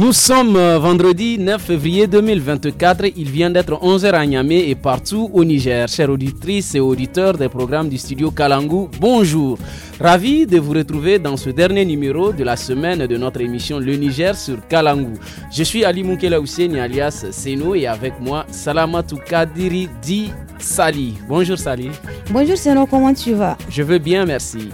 Nous sommes euh, vendredi 9 février 2024. Il vient d'être 11h à Niamey et partout au Niger. Chères auditrices et auditeurs des programmes du studio Kalangu, bonjour. Ravi de vous retrouver dans ce dernier numéro de la semaine de notre émission Le Niger sur Kalangu. Je suis Ali Moukela alias Seno et avec moi Salamatou Kadiri Di Sali. Bonjour Sali. Bonjour Seno, comment tu vas Je veux bien, merci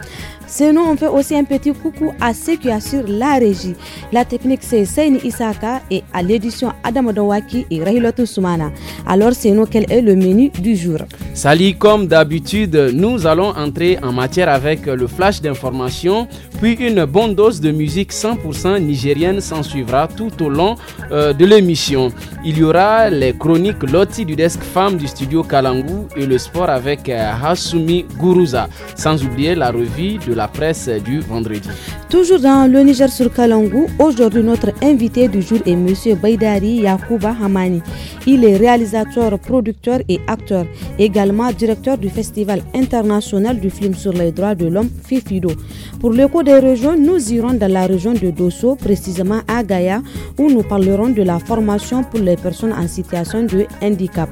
nous on fait aussi un petit coucou à ceux qui assurent la régie. La technique, c'est Seine Isaka et à l'édition Adam Odowaki et Rahiloto Sumana Alors, nous quel est le menu du jour Salut, comme d'habitude, nous allons entrer en matière avec le flash d'information, puis une bonne dose de musique 100% nigérienne s'en suivra tout au long euh, de l'émission. Il y aura les chroniques Lotti du desk femme du studio Kalangu et le sport avec euh, Hasumi Guruza, sans oublier la revue de la presse du vendredi. Toujours dans le Niger sur Kalangou, aujourd'hui notre invité du jour est monsieur Baydari Yakuba Hamani. Il est réalisateur, producteur et acteur, également directeur du Festival international du film sur les droits de l'homme FIFIDO. Pour l'écho des régions, nous irons dans la région de Dosso, précisément à Gaïa, où nous parlerons de la formation pour les personnes en situation de handicap.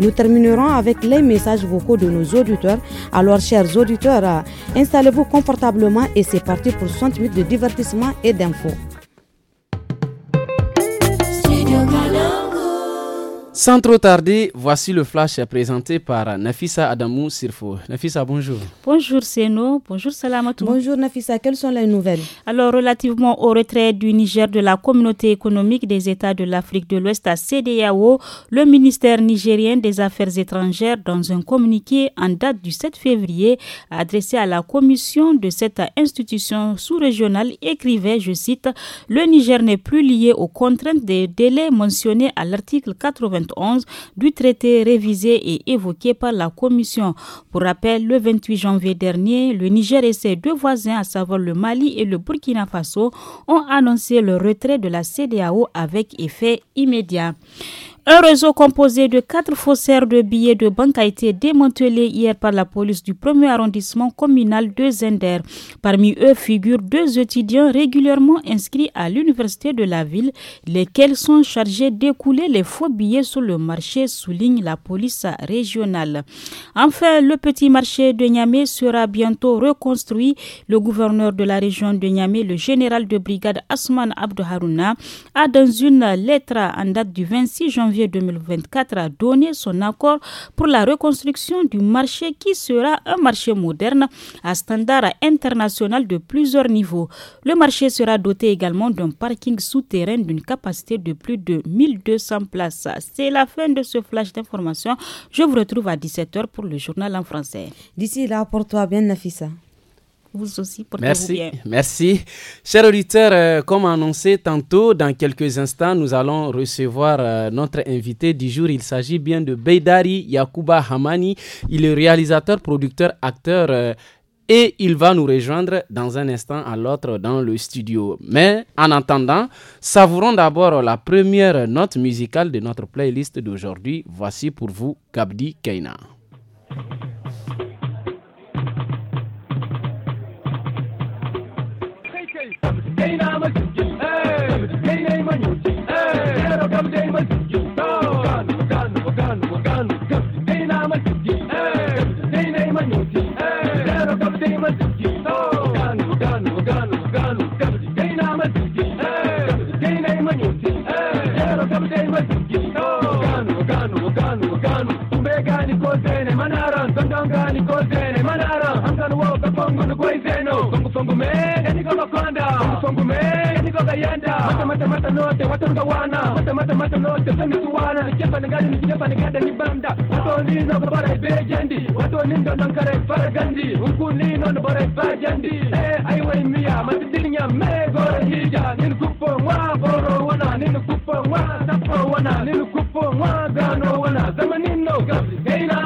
Nous terminerons avec les messages vocaux de nos auditeurs. Alors, chers auditeurs, installez-vous confortablement confortablement et c'est parti pour 60 minutes de divertissement et d'infos. Sans trop tarder, voici le flash présenté par Nafissa Adamou Sirfo. Nafisa, bonjour. Bonjour Seno, bonjour Salamatou. Bonjour Nafisa. quelles sont les nouvelles Alors, relativement au retrait du Niger de la communauté économique des États de l'Afrique de l'Ouest à CDAO, le ministère nigérien des Affaires étrangères, dans un communiqué en date du 7 février, adressé à la commission de cette institution sous-régionale, écrivait, je cite, Le Niger n'est plus lié aux contraintes des délais mentionnés à l'article 80 du traité révisé et évoqué par la Commission. Pour rappel, le 28 janvier dernier, le Niger et ses deux voisins, à savoir le Mali et le Burkina Faso, ont annoncé le retrait de la CDAO avec effet immédiat. Un réseau composé de quatre faussaires de billets de banque a été démantelé hier par la police du premier arrondissement communal de Zender. Parmi eux figurent deux étudiants régulièrement inscrits à l'université de la ville, lesquels sont chargés d'écouler les faux billets sur le marché, souligne la police régionale. Enfin, le petit marché de Niamey sera bientôt reconstruit. Le gouverneur de la région de Niamey, le général de brigade Asman Abdou a dans une lettre en date du 26 janvier 2024 a donné son accord pour la reconstruction du marché qui sera un marché moderne à standard international de plusieurs niveaux. Le marché sera doté également d'un parking souterrain d'une capacité de plus de 1200 places. C'est la fin de ce flash d'information. Je vous retrouve à 17h pour le journal en français. D'ici là, pour toi bien, Nafisa. Merci, aussi. Merci. Chers auditeurs, euh, comme annoncé tantôt, dans quelques instants, nous allons recevoir euh, notre invité du jour. Il s'agit bien de Beidari Yakuba Hamani. Il est réalisateur, producteur, acteur. Euh, et il va nous rejoindre dans un instant à l'autre dans le studio. Mais en attendant, savourons d'abord la première note musicale de notre playlist d'aujourd'hui. Voici pour vous Gabdi Keina. napenda mata mata mata note watu ngawana mata mata mata note sema tuwana nikipa ningani nikipa ningada ni banda watu nino na bara ibejendi watu nindo na ngara ifaragandi ni nino na bara ifajendi eh aiwe mia matindilinya megora hija nini kupo mwa boro wana nini kupo mwa tapo wana nini kupo mwa gano wana zama nino gabi gaina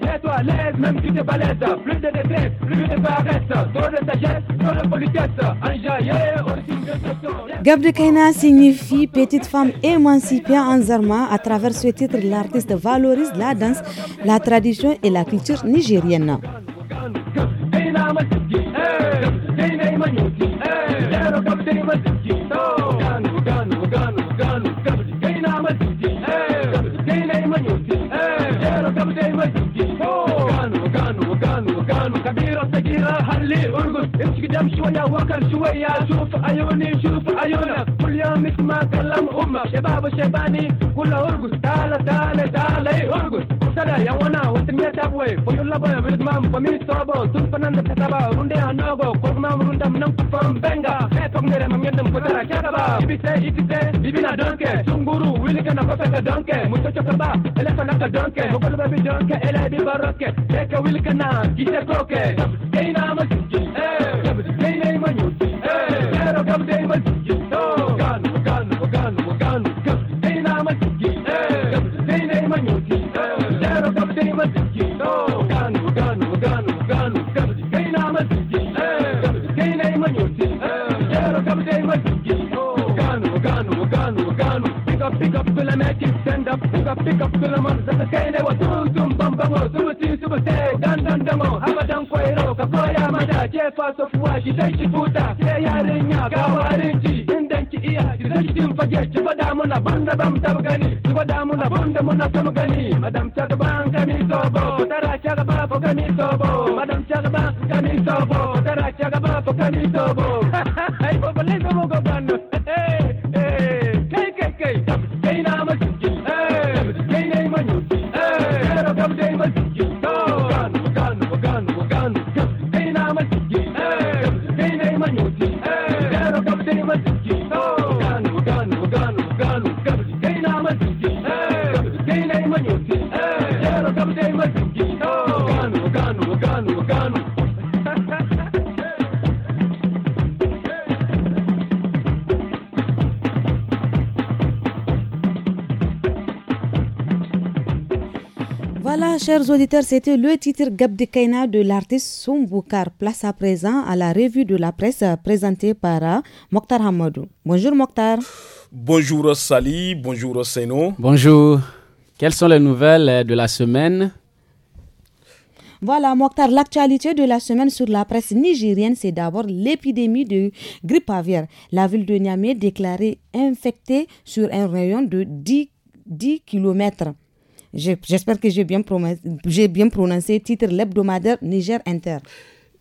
Gab de signifie petite femme émancipée en Zarma. À travers ce titre, l'artiste valorise la danse, la tradition et la culture nigérienne. سكيرة خليه ارقد امشي قدام شوية وكر شوية شوف عيوني شوف عيونك كل يوم اسمع كلام امك شباب وشباني كلها ارقد تعالى تعالى تعالى ارقد sada ya wana wata miya ta boy ko yolla boy runde anogo ko ma runda nan benga e to ngere mam yendam ko tara kya ba ibi se ibi se bibi na donke tunguru wili kana ko ka baroke pick up That's the kind they were doom, doom, bum, bum, doom, doom, doom, doom, doom, doom, doom, kuda ke fasa fuwa gidan ki kuda ke yarinya ga warin ki indan ki iya gidan ki din fage ki fada muna banda bam tab gani ki fada muna banda muna sam gani madam ta ban kami sobo tara ta ba fo kami sobo madam ta ban kami sobo tara ta ba fo kami sobo chers auditeurs, c'était le titre Gab de l'artiste Somboukar. Place à présent à la revue de la presse présentée par euh, Mokhtar Hamadou. Bonjour Mokhtar. Bonjour Sali, bonjour Seno. Bonjour. Quelles sont les nouvelles euh, de la semaine voilà, Mokhtar, l'actualité de la semaine sur la presse nigérienne, c'est d'abord l'épidémie de grippe aviaire. La ville de Niamey déclarée infectée sur un rayon de 10, 10 kilomètres. J'espère que j'ai bien, j'ai bien prononcé titre l'hebdomadaire Niger Inter.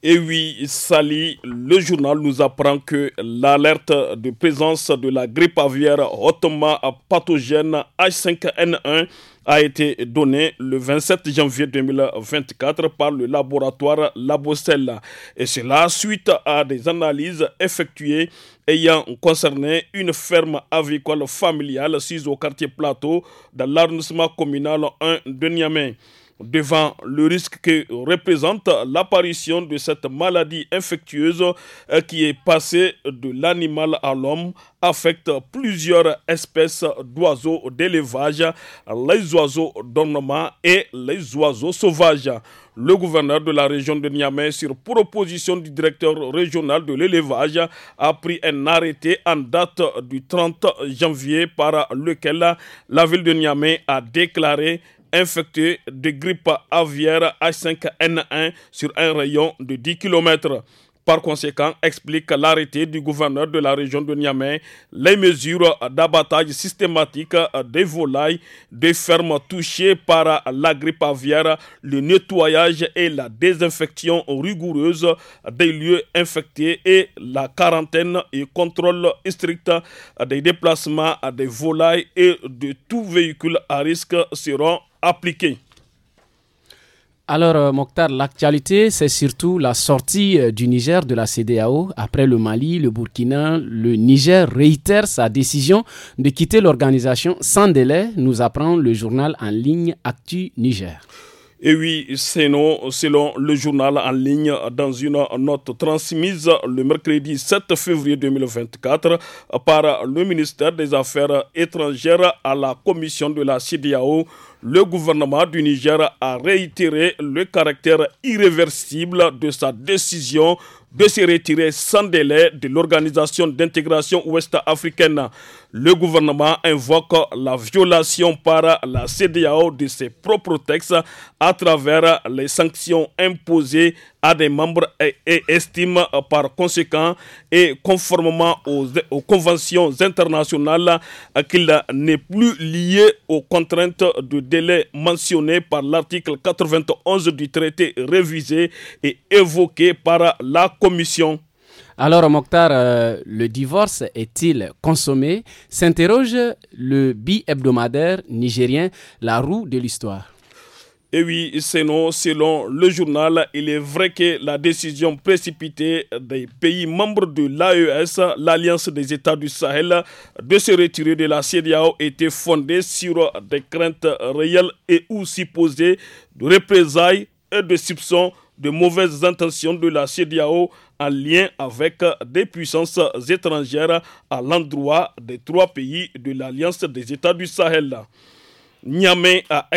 Et oui, Sali, le journal nous apprend que l'alerte de présence de la grippe aviaire hautement pathogène H5N1 a été donné le 27 janvier 2024 par le laboratoire Labocella. Et cela suite à des analyses effectuées ayant concerné une ferme avicole familiale sise au quartier Plateau dans l'arrondissement communal 1 de Niamey. Devant le risque que représente l'apparition de cette maladie infectieuse euh, qui est passée de l'animal à l'homme, affecte plusieurs espèces d'oiseaux d'élevage, les oiseaux d'ornement et les oiseaux sauvages. Le gouverneur de la région de Niamey, sur proposition du directeur régional de l'élevage, a pris un arrêté en date du 30 janvier par lequel la ville de Niamey a déclaré infectés de grippe aviaire H5N1 sur un rayon de 10 km. Par conséquent, explique l'arrêté du gouverneur de la région de Niamey, les mesures d'abattage systématique des volailles des fermes touchées par la grippe aviaire, le nettoyage et la désinfection rigoureuse des lieux infectés et la quarantaine et contrôle strict des déplacements des volailles et de tout véhicule à risque seront Appliqué. Alors, euh, Mokhtar, l'actualité, c'est surtout la sortie euh, du Niger de la CDAO. Après le Mali, le Burkina, le Niger réitère sa décision de quitter l'organisation sans délai, nous apprend le journal en ligne Actu Niger. Et oui, non, selon le journal en ligne, dans une note transmise le mercredi 7 février 2024 par le ministère des Affaires étrangères à la commission de la CDAO, le gouvernement du Niger a réitéré le caractère irréversible de sa décision de se retirer sans délai de l'organisation d'intégration ouest-africaine le gouvernement invoque la violation par la CDAO de ses propres textes à travers les sanctions imposées à des membres et, estime par conséquent et conformément aux, conventions internationales qu'il n'est plus lié aux contraintes de délai mentionnées par l'article 91 du traité révisé et évoqué par la Commission. Alors, Mokhtar, euh, le divorce est-il consommé S'interroge le bi-hebdomadaire nigérien La Roue de l'Histoire. Et eh oui, non. selon le journal, il est vrai que la décision précipitée des pays membres de l'AES, l'Alliance des États du Sahel, de se retirer de la CEDEAO était fondée sur des craintes réelles et ou supposées de représailles et de soupçons de mauvaises intentions de la CDAO en lien avec euh, des puissances étrangères à l'endroit des trois pays de l'Alliance des États du Sahel. Niamey a,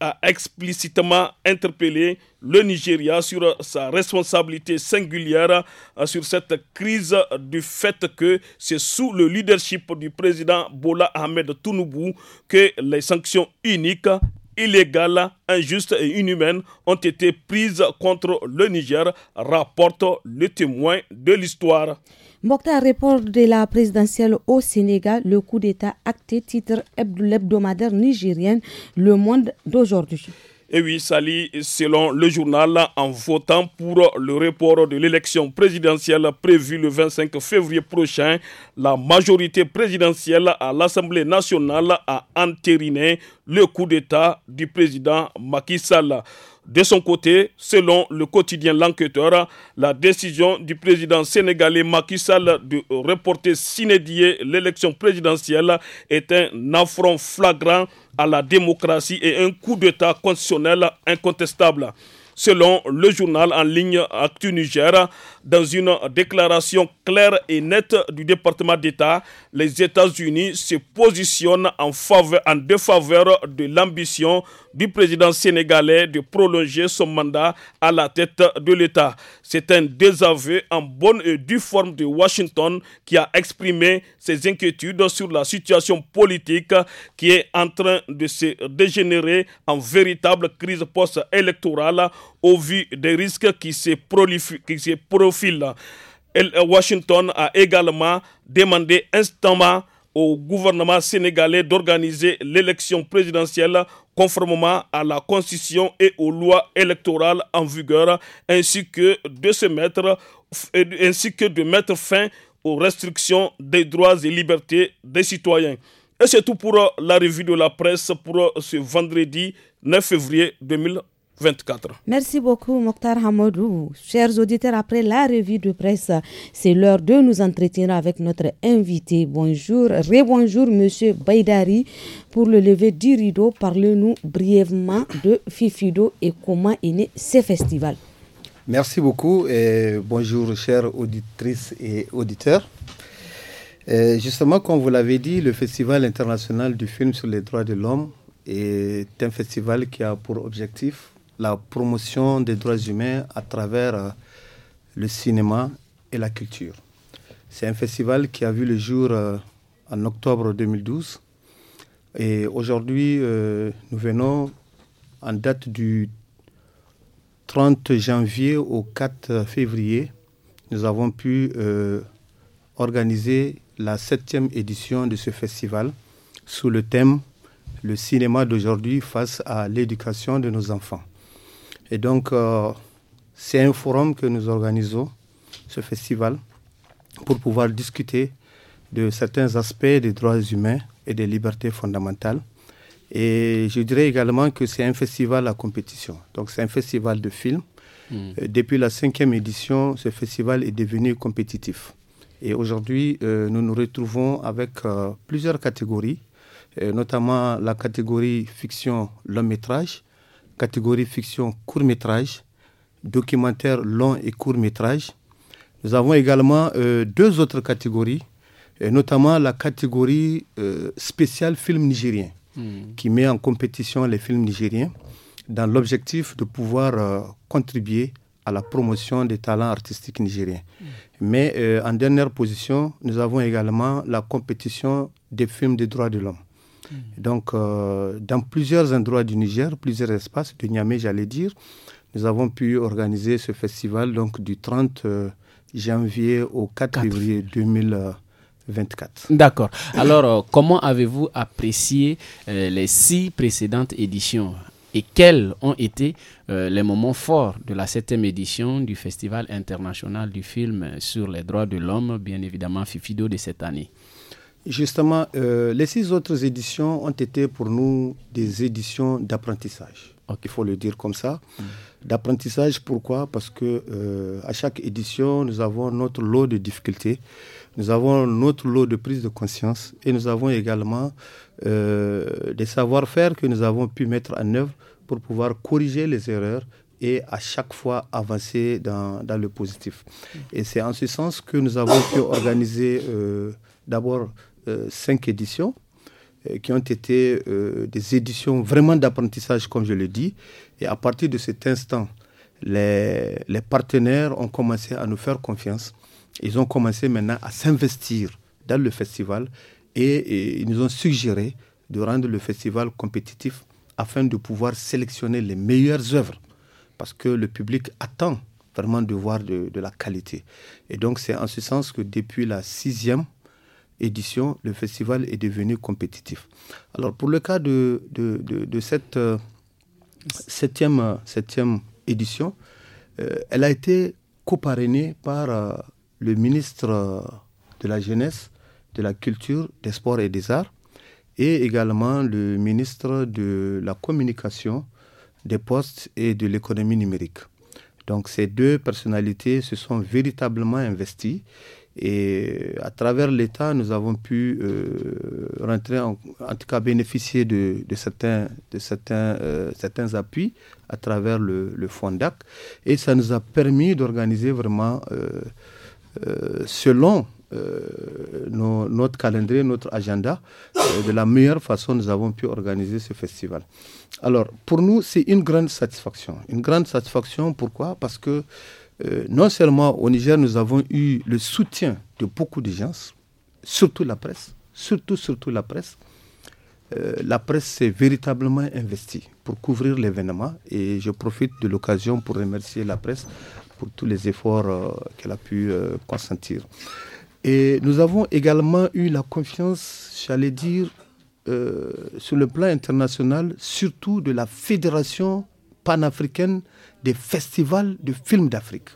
a, explicitement interpellé le Nigeria sur sa responsabilité singulière euh, sur cette crise du fait que c'est sous le leadership du président Bola Ahmed Tounoubou que les sanctions uniques illégales, injustes et inhumaines ont été prises contre le Niger, rapporte le témoin de l'histoire. Mokhtar report de la présidentielle au Sénégal, le coup d'État acté, titre l'hebdomadaire nigérien Le Monde d'aujourd'hui. Et oui, Sali, selon le journal, en votant pour le report de l'élection présidentielle prévue le 25 février prochain, la majorité présidentielle à l'Assemblée nationale a entériné le coup d'État du président Macky Sall. De son côté, selon le quotidien L'Enquêteur, la décision du président sénégalais Macky Sall de reporter s'inédier l'élection présidentielle est un affront flagrant à la démocratie et un coup d'État constitutionnel incontestable. Selon le journal en ligne Actu Niger, dans une déclaration claire et nette du département d'État, les États-Unis se positionnent en, faveur, en défaveur de l'ambition du président sénégalais de prolonger son mandat à la tête de l'État. C'est un désaveu en bonne et due forme de Washington qui a exprimé ses inquiétudes sur la situation politique qui est en train de se dégénérer en véritable crise post-électorale au vu des risques qui se, qui se profilent. Washington a également demandé instamment au gouvernement sénégalais d'organiser l'élection présidentielle conformément à la Constitution et aux lois électorales en vigueur, ainsi que de se mettre, ainsi que de mettre fin aux restrictions des droits et libertés des citoyens. Et c'est tout pour la revue de la presse pour ce vendredi 9 février 2020. 24. Merci beaucoup, Mokhtar Hamadou. Chers auditeurs, après la revue de presse, c'est l'heure de nous entretenir avec notre invité. Bonjour, rebonjour, monsieur Baydari. Pour le lever du rideau, parlez nous brièvement de Fifido et comment est né ce festival. Merci beaucoup et bonjour, chères auditrices et auditeurs. Euh, justement, comme vous l'avez dit, le Festival international du film sur les droits de l'homme est un festival qui a pour objectif la promotion des droits humains à travers euh, le cinéma et la culture. C'est un festival qui a vu le jour euh, en octobre 2012. Et aujourd'hui, euh, nous venons en date du 30 janvier au 4 février. Nous avons pu organiser la septième édition de ce festival sous le thème Le cinéma d'aujourd'hui face à l'éducation de nos enfants. Et donc, euh, c'est un forum que nous organisons, ce festival, pour pouvoir discuter de certains aspects des droits humains et des libertés fondamentales. Et je dirais également que c'est un festival à compétition. Donc, c'est un festival de films. Hmm. Euh, depuis la cinquième édition, ce festival est devenu compétitif. Et aujourd'hui, euh, nous nous retrouvons avec plusieurs catégories, notamment la catégorie fiction long métrage, catégorie fiction court métrage, documentaire long et court métrage. Nous avons également euh, deux autres catégories, notamment la catégorie euh, spéciale film nigérien, hmm. qui met en compétition les films nigériens dans l'objectif de pouvoir euh, contribuer à la promotion des talents artistiques nigériens. Hmm. Mais en dernière position, nous avons également la compétition des films des droits de l'homme. Mm. Donc, euh, dans plusieurs endroits du Niger, plusieurs espaces de Niamey, j'allais dire, nous avons pu organiser ce festival donc du 30 euh, janvier au 4, février 2024. D'accord. Alors, euh, comment avez-vous apprécié les six précédentes éditions et quels ont été les moments forts de la septième édition du Festival international du film sur les droits de l'homme, bien évidemment FIFIDO de cette année Justement, euh, les six autres éditions ont été pour nous des éditions d'apprentissage. Il faut le dire comme ça. Mm. D'apprentissage, pourquoi Parce que euh, à chaque édition, nous avons notre lot de difficultés, nous avons notre lot de prise de conscience et nous avons également euh, des savoir-faire que nous avons pu mettre en œuvre pour pouvoir corriger les erreurs et à chaque fois avancer dans, le positif. Et c'est en ce sens que nous avons pu organiser d'abord euh, cinq éditions euh, qui ont été euh, des éditions vraiment d'apprentissage, comme je le dis. Et à partir de cet instant, les, les, partenaires ont commencé à nous faire confiance. Ils ont commencé maintenant à s'investir dans le festival et, ils nous ont suggéré de rendre le festival compétitif afin de pouvoir sélectionner les meilleures œuvres parce que le public attend vraiment de voir de, de la qualité. Et donc c'est en ce sens que depuis la sixième édition, le festival est devenu compétitif. Alors pour le cas de, de, de, cette euh, euh, septième, édition, euh, elle a été coparrainée par le ministre de la Jeunesse, de la Culture, des Sports et des Arts, et également le ministre de la Communication, des Postes et de l'économie numérique. Donc ces deux personnalités se sont véritablement investies et à travers l'État, nous avons pu euh, rentrer, en, tout cas bénéficier de, certains, de certains, euh, certains appuis à travers le, FONDAC. Et ça nous a permis d'organiser vraiment, euh, selon notre calendrier, notre agenda, de la meilleure façon nous avons pu organiser ce festival. Alors, pour nous, c'est une grande satisfaction. Une grande satisfaction, pourquoi Parce que euh, non seulement au Niger, nous avons eu le soutien de beaucoup de gens, surtout la presse, surtout, surtout la presse. Euh, la presse s'est véritablement investie pour couvrir l'événement et je profite de l'occasion pour remercier la presse pour tous les efforts euh, qu'elle a pu consentir. Et nous avons également eu la confiance, j'allais dire, sur le plan international, surtout de la Fédération panafricaine des festivals de films d'Afrique.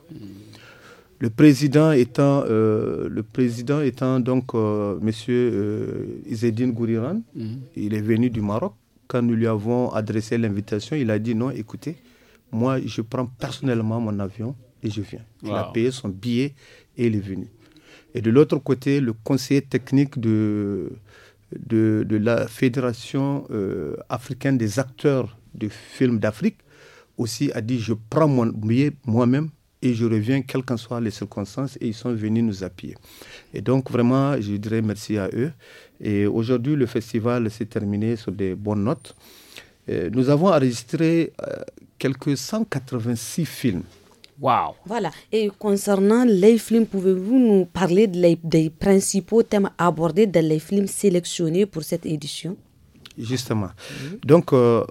Le président étant, euh, le président étant donc M. Euh, monsieur euh, Izedine Gouriran, mm-hmm. il est venu du Maroc. Quand nous lui avons adressé l'invitation, il a dit non, écoutez, moi je prends personnellement mon avion et je viens. Il a payé son billet et il est venu. Et de l'autre côté, le conseiller technique de, de, de la Fédération africaine des acteurs de films d'Afrique, aussi a dit je prends mon billet moi-même et je reviens, quelles qu'en soient les circonstances, et ils sont venus nous appuyer. Et donc, vraiment, je dirais merci à eux. Et aujourd'hui, le festival s'est terminé sur des bonnes notes. Euh, nous avons enregistré euh, quelques 186 films. Wow. Voilà. Et concernant les films, pouvez-vous nous parler des principaux thèmes abordés dans les films sélectionnés pour cette édition Justement. Donc, euh,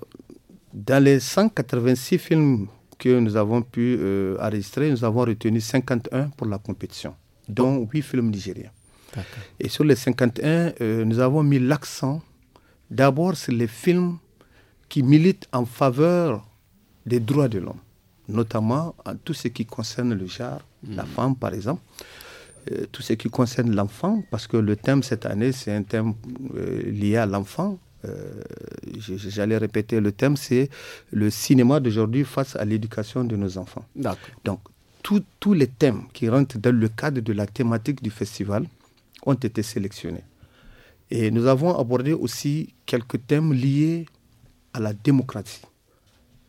dans les 186 films que nous avons pu euh, enregistrer, nous avons retenu 51 pour la compétition, dont 8 films nigériens. Et sur les 51, euh, nous avons mis l'accent d'abord sur les films qui militent en faveur des droits de l'homme, notamment en tout ce qui concerne le genre, la hmm. femme par exemple, euh, tout ce qui concerne l'enfant, parce que le thème cette année, c'est un thème lié à l'enfant, euh, j'allais répéter le thème, c'est le cinéma d'aujourd'hui face à l'éducation de nos enfants. Donc, tous les thèmes qui rentrent dans le cadre de la thématique du festival ont été sélectionnés. Et nous avons abordé aussi quelques thèmes liés à la démocratie,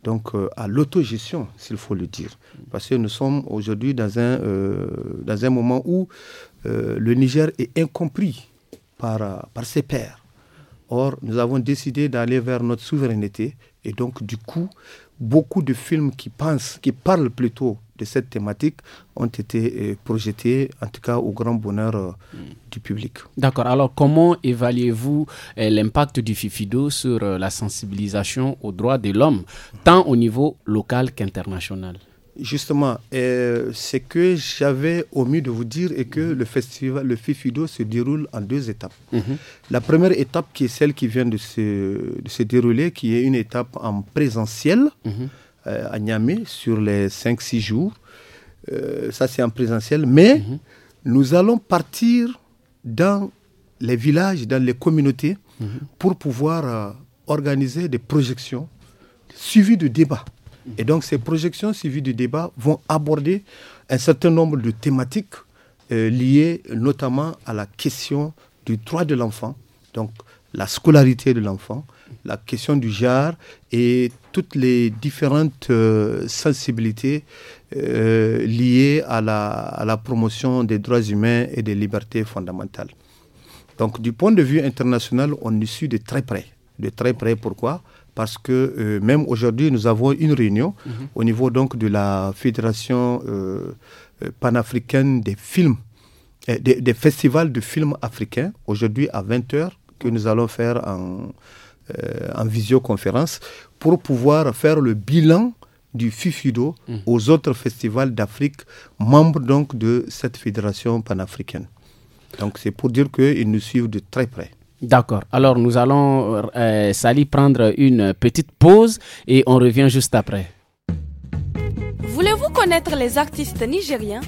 donc euh, à l'autogestion, s'il faut le dire. Parce que nous sommes aujourd'hui dans, un, euh, dans un moment où le Niger est incompris par, par ses pairs. Or, nous avons décidé d'aller vers notre souveraineté. Et donc, du coup, beaucoup de films qui pensent, qui parlent plutôt de cette thématique ont été euh, projetés, en tout cas au grand bonheur euh, hmm. du public. D'accord. Alors, comment évaluez-vous euh, l'impact du FIFIDO sur la sensibilisation aux droits de l'homme, tant au niveau local qu'international Justement, euh, ce que j'avais omis de vous dire est que mhm. le festival, le FIFIDO se déroule en deux étapes. Mhm. La première étape qui est celle qui vient de se, dérouler, qui est une étape en présentiel mhm. euh, à Niamey sur les 5-6 jours. Euh, ça, c'est en présentiel. Mais nous allons partir dans les villages, dans les communautés pour pouvoir organiser des projections suivies de débats. Et donc ces projections suivies du débat vont aborder un certain nombre de thématiques euh, liées notamment à la question du droit de l'enfant, donc la scolarité de l'enfant, la question du genre et toutes les différentes euh, sensibilités euh, liées à la, promotion des droits humains et des libertés fondamentales. Donc du point de vue international, on est suit de très près. De très près, pourquoi parce que euh, même aujourd'hui, nous avons une réunion mhm. au niveau donc de la Fédération euh, euh, panafricaine des films, des, festivals de films africains, aujourd'hui à 20h, que nous allons faire en, visioconférence, pour pouvoir faire le bilan du FIFIDO mhm. aux autres festivals d'Afrique, membres donc de cette fédération panafricaine. Donc c'est pour dire qu'ils nous suivent de très près. D'accord. Alors nous allons, euh, prendre une petite pause et on revient juste après. Voulez-vous connaître les artistes nigériens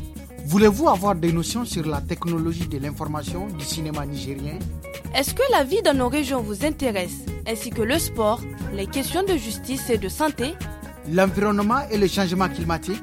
Voulez-vous avoir des notions sur la technologie de l'information du cinéma nigérien Est-ce que la vie dans nos régions vous intéresse, ainsi que le sport, les questions de justice et de santé L'environnement et le changement climatique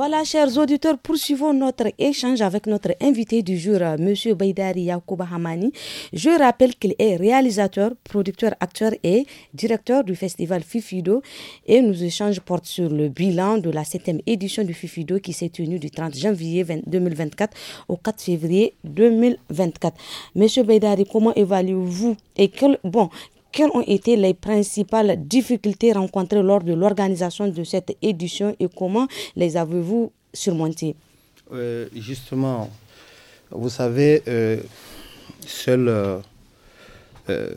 Voilà, chers auditeurs, poursuivons notre échange avec notre invité du jour, euh, M. Baydari Yakouba Hamani. Je rappelle qu'il est réalisateur, producteur, acteur et directeur du festival Fifido. Et nos échanges portent sur le bilan de la 7e édition du Fifido qui s'est tenue du 30 janvier 2024 au 4 février 2024. Monsieur Baydari, comment évaluez-vous et quel, bon, quelles ont été les principales difficultés rencontrées lors de l'organisation de cette édition et comment les avez-vous surmontées euh, Justement, vous savez, euh, seule euh,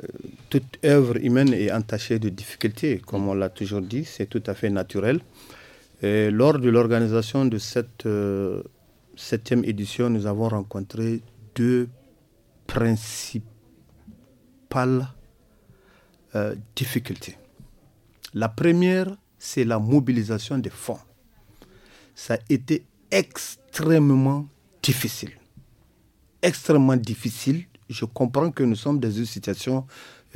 toute œuvre humaine est entachée de difficultés, comme on l'a toujours dit, c'est tout à fait naturel. lors de l'organisation de cette septième édition, nous avons rencontré deux principales euh, difficultés. La première, c'est la mobilisation des fonds. Ça a été extrêmement difficile. Extrêmement difficile. Je comprends que nous sommes dans une situation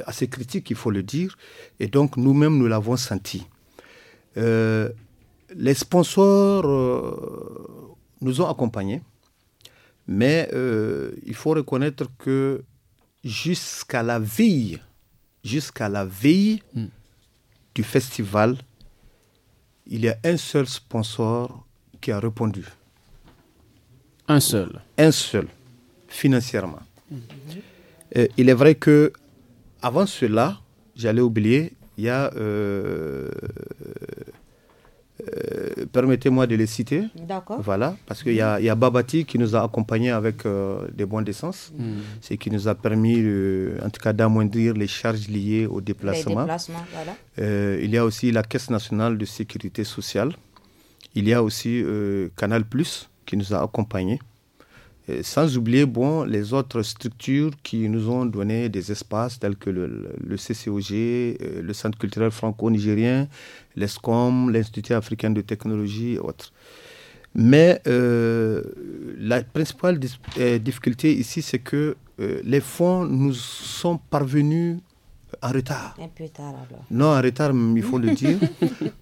assez critique, il faut le dire. Et donc, nous-mêmes, nous, l'avons senti. Euh, les sponsors euh, nous ont accompagnés, mais il faut reconnaître que jusqu'à la veille jusqu'à la veille hmm. du festival, il y a un seul sponsor qui a répondu. Un seul. Un seul, financièrement. Euh, il est vrai que avant cela, j'allais oublier, il y a euh, euh, permettez-moi de les citer. D'accord. Voilà, parce qu'il y, a Babati qui nous a accompagnés avec euh, des bons d'essence, mm. ce qui nous a permis, euh, en tout cas, d'amoindrir les charges liées au déplacement. il y a aussi la Caisse nationale de sécurité sociale. Il y a aussi Canal Plus qui nous a accompagnés sans oublier bon, les autres structures qui nous ont donné des espaces tels que le, CCOG, euh, le Centre culturel franco-nigérien, l'ESCOM, l'Institut africain de technologie et autres. Mais euh, la principale euh, difficulté ici, c'est que les fonds nous sont parvenus en retard. Un peu tard alors. Non, en retard, il faut le dire,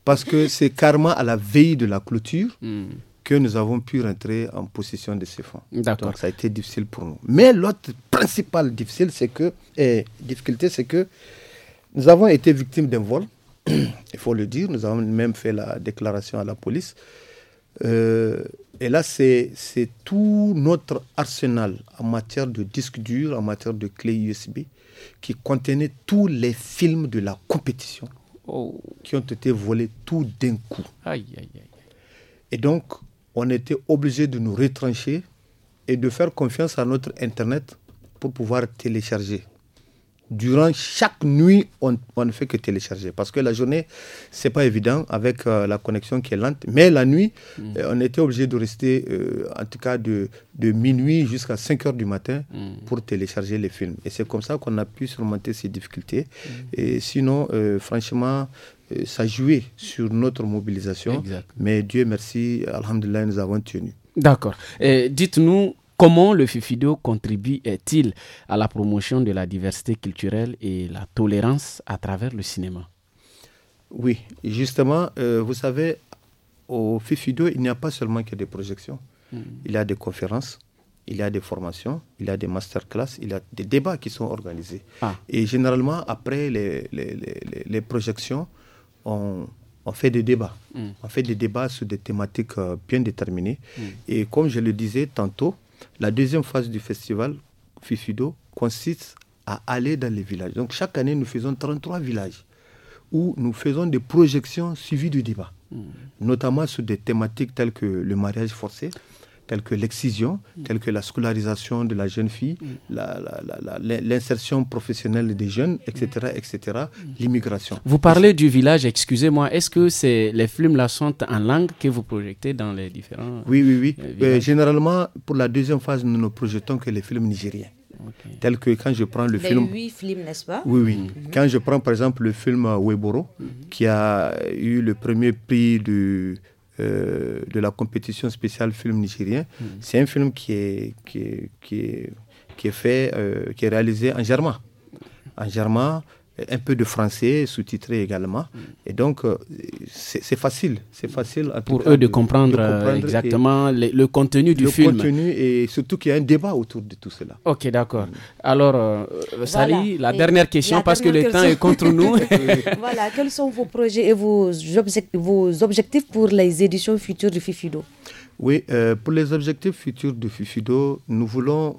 parce que c'est carrément à la veille de la clôture. Hmm que nous avons pu rentrer en possession de ces fonds. Donc ça a été difficile pour nous. Mais l'autre principal difficile, c'est que, difficulté, c'est que nous avons été victimes d'un vol. Il faut le dire, nous avons même fait la déclaration à la police. Euh, et là, c'est tout notre arsenal en matière de disques durs, en matière de clés USB, qui contenait tous les films de la compétition oh. qui ont été volés tout d'un coup. Aïe, aïe, aïe. Et donc, on était obligé de nous retrancher et de faire confiance à notre Internet pour pouvoir télécharger. Durant chaque nuit, on, ne fait que télécharger. Parce que la journée, c'est pas évident avec euh, la connexion qui est lente. Mais la nuit, mm. euh, on était obligé de rester, euh, en tout cas, de, minuit jusqu'à 5 heures du matin mm. pour télécharger les films. Et c'est comme ça qu'on a pu surmonter ces difficultés. Mm. Et sinon, franchement, ça euh, jouait sur notre mobilisation. Mais Dieu merci, Alhamdulillah, nous avons tenu. D'accord. Dites-nous comment le FIFIDO contribue-t-il à la promotion de la diversité culturelle et la tolérance à travers le cinéma Oui, justement, euh, vous savez, au FIFIDO, il n'y a pas seulement que des projections. Hmm. Il y a des conférences, il y a des formations, il y a des masterclass, il y a des débats qui sont organisés. Ah. Et généralement, après les, les, les projections, on, fait des débats. Mm. On fait des débats sur des thématiques euh, bien déterminées. Mm. Et comme je le disais tantôt, la deuxième phase du festival Fifido consiste à aller dans les villages. Donc chaque année, nous faisons 33 villages où nous faisons des projections suivies du débat, mm. notamment sur des thématiques telles que le mariage forcé, telles que l'excision, mm. telle que la scolarisation de la jeune fille, mm. l'insertion professionnelle des jeunes, etc., etc., mm. l'immigration. Vous parlez du village, excusez-moi, est-ce que c'est les films-là sont en langue que vous projetez dans les différents... Oui, oui, oui. Euh, euh, généralement, pour la deuxième phase, nous ne projetons que les films nigériens. Tels que quand je prends le les film. huit films, n'est-ce pas Oui, oui. Mm-hmm. Quand je prends par exemple le film Weboro, mm-hmm. qui a eu le premier prix du, euh, de la compétition spéciale film nigérien. Mm. C'est un film qui est, qui qui fait, euh, qui est réalisé en germain. En germain, un peu de français sous-titré également. Et donc, euh, c'est facile. C'est facile pour eux de, comprendre euh, exactement le, contenu du film. Le contenu et surtout qu'il y a un débat autour de tout cela. Ok, d'accord. Alors, euh, Sally, la dernière question parce que le temps est contre nous. voilà, quels sont vos projets et vos, vos objectifs pour les éditions futures du Fifido Oui, euh, pour les objectifs futurs du Fifido, nous voulons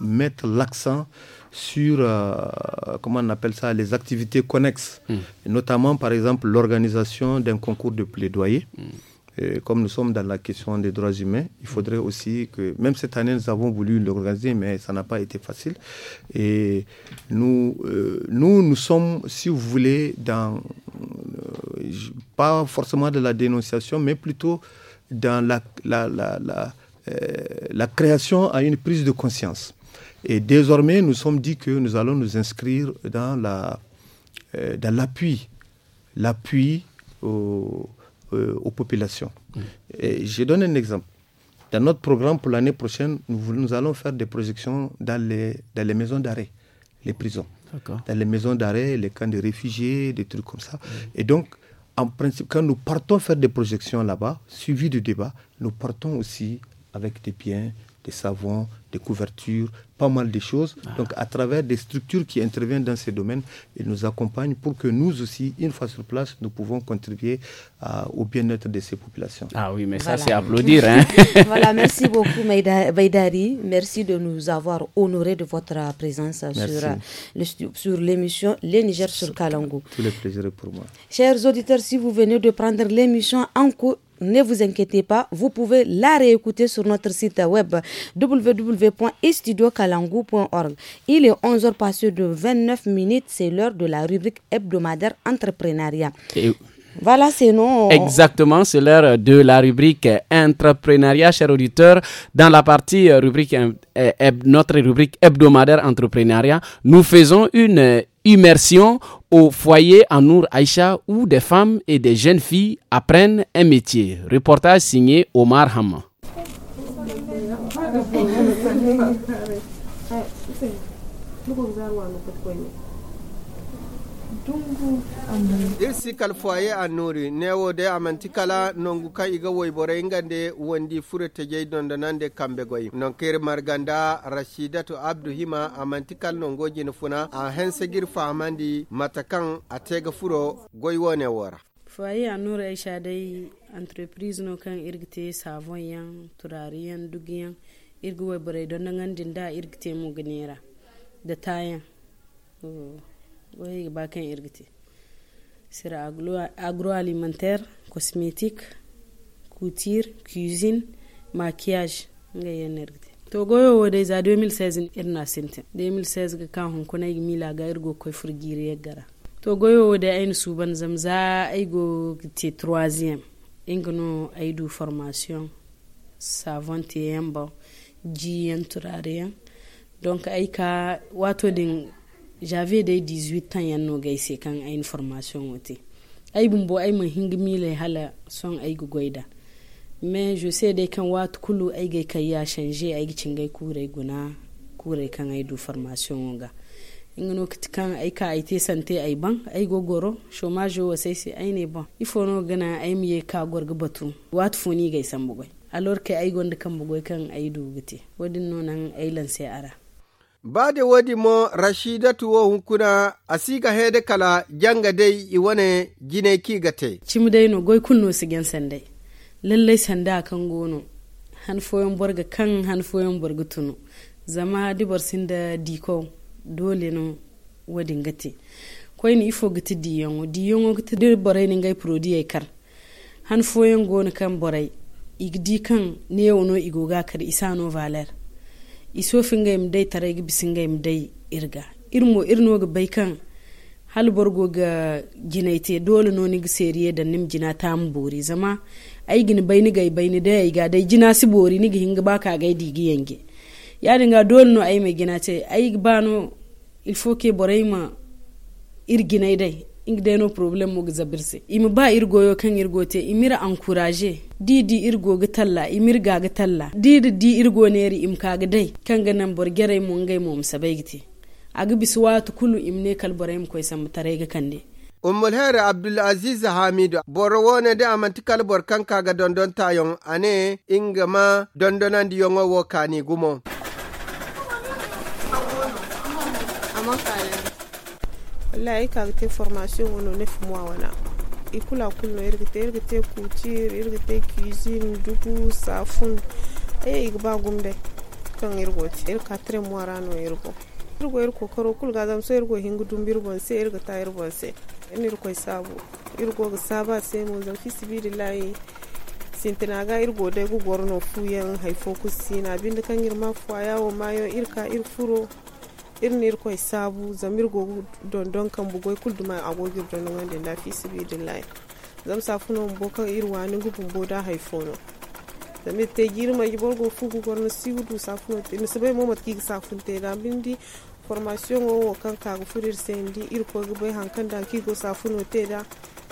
mettre l'accent sur euh, comment on appelle ça, les activités connexes, hmm. notamment par exemple l'organisation d'un concours de plaidoyer. Hmm. comme nous sommes dans la question des droits humains, il faudrait aussi que, même cette année, nous avons voulu l'organiser, mais ça n'a pas été facile. Et nous, euh, nous, sommes, si vous voulez, dans, euh, pas forcément de la dénonciation, mais plutôt dans la, la création à une prise de conscience. Et désormais, nous sommes dit que nous allons nous inscrire dans la euh, dans l'appui, l'appui euh, aux, populations. Mm. Et je donne un exemple. Dans notre programme pour l'année prochaine, nous, allons faire des projections dans les, dans les maisons d'arrêt, les prisons. Dans les maisons d'arrêt, les camps de réfugiés, des trucs comme ça. Mm. Et donc, en principe, quand nous partons faire des projections là-bas, suivi du débat, nous partons aussi avec des biens, des savons, des couvertures, pas mal de choses. Ah. Donc à travers des structures qui interviennent dans ces domaines, ils nous accompagnent pour que nous aussi, une fois sur place, nous pouvons contribuer euh, au bien-être de ces populations. Ah oui, mais ça c'est applaudir. Hein. voilà, merci beaucoup Maïdari. Merci de nous avoir honorés de votre présence sur euh, l'émission Les Niger sur kalango Tout le plaisir est pour moi. Chers auditeurs, si vous venez de prendre l'émission en cours, ne vous inquiétez pas, vous pouvez la réécouter sur notre site web www.istudiocalangou.org. Il est 11h passé de 29 minutes, c'est l'heure de la rubrique hebdomadaire entrepreneuriat. Voilà, c'est non. Exactement, c'est l'heure de la rubrique entrepreneuriat, chers auditeurs. Dans la partie euh, rubrique, euh, euh, notre rubrique hebdomadaire entrepreneuriat, nous faisons une immersion au foyer Anour Aïcha, où des femmes et des jeunes filles apprennent un métier. Reportage signé Omar Hamma. irsi wo annuri newode amanti kala nongu ka iga woybore ingande wondi furete nan dondonande kambe goy non kir marganda Rashidatu Abdu hima amanti kal nongoji jini funa a hen segir famandi mata kan a tega furo goy wone wora foye annuri aisha dai entreprise no kan irgite savon yan turari yan dug yan irgi woybore dondongandin da irgite mugunera da tayan oh. goyey ba bakan irgiti sira agroalimentaire cosmétique couture cuisine maquillage nga yen irgiti to goyo wo dai za 2016 irna sintin 2016 ga kan hunkuna yi mila ga irgo koy furgiri ya gara to goyo wo dai ayin suban zamza aigo te troisième ingano aidu formation savon te yamba jiyan turare donc aika wato din j'avais des 18 ans no quand kan une formation Ay ai bumbo ay ma hingmi le hala son ay goida mais je sais dai kan wat kulu ay gay kay ya changer ay cingay kure guna kure kan du formation ga ingino kan ay ka ay te santé ay ban go goro chômage wo ne il faut no gana ka gorga batu wat funi sambo sambugo alors que ay gonda kan bugo kan du gite wadin no nan lan ara ba da wadi mo da tuwo hunkuna a siiga hede kala janga dai i wane jine kiiga te cimi dai no goi kunno gen sende lallai sanda kan gono han foyon borga kan han foyon borga tunu zama dibor sinda diko dole no wadi gate koy ni ifo gati di diyongo gati dir borai ni ngay produit ay kar han foyon gono kan boray di kan ne wono igoga kar isano valer isofinga im day tara iga bisinga im day irga irmo irnoga baykan hal borgo ga jinaite dole no niga seriye da nim jina tam bori zama ai gini bai ni gai bai ni ga dai jina si bori niga hinga ba ka gai digi yange ya dinga dole no ai mai gina te ai ba il faut que borai ma irginai dai ingdeno problem mo i ma ba irgoyo kan irgote imira di didi go ga talla imir ga ga talla didi di neeri i ma ka ga dai kaŋ ga boro borgere mo ngai mo msabai gite bisa biswatu kulu imne kal ma koy sam taray ga kande ummul hera abdulaziz hamidu boro wone de amantikal bor kan kaga dondon a ne inga ma dondonandi yaŋo wo kani gumo la ikaga te formation wana nefu mwa wana ikula kulno irigi te irigi te couture irigi te cuisine dugu safun aye igba gumde kan irigo ti irigi katre mwa rano irigo irigo irigo karo kul gadam so irigo hingu dumbi irigo nse irigi ta irigo nse ini irigo isabu irigo gisaba se muzan fisi bidi lai sintinaga irigo de gugorno fuyen hai fokus sina bindi kan irma fuwa yawo mayo irka irfuro iri neirikwa isavu zamirigo kudondonka mbugo ekuduma agogirwa nongande ndafisi bidilai zamusafuna mboka irwa nengubumboda haifono zame tegiri majiborgo fugu kornosiudu safuno nosibai momotkigi safunte dambindi formation ngowokan kagufurir sendi irikogibai hankandankigo safuno teda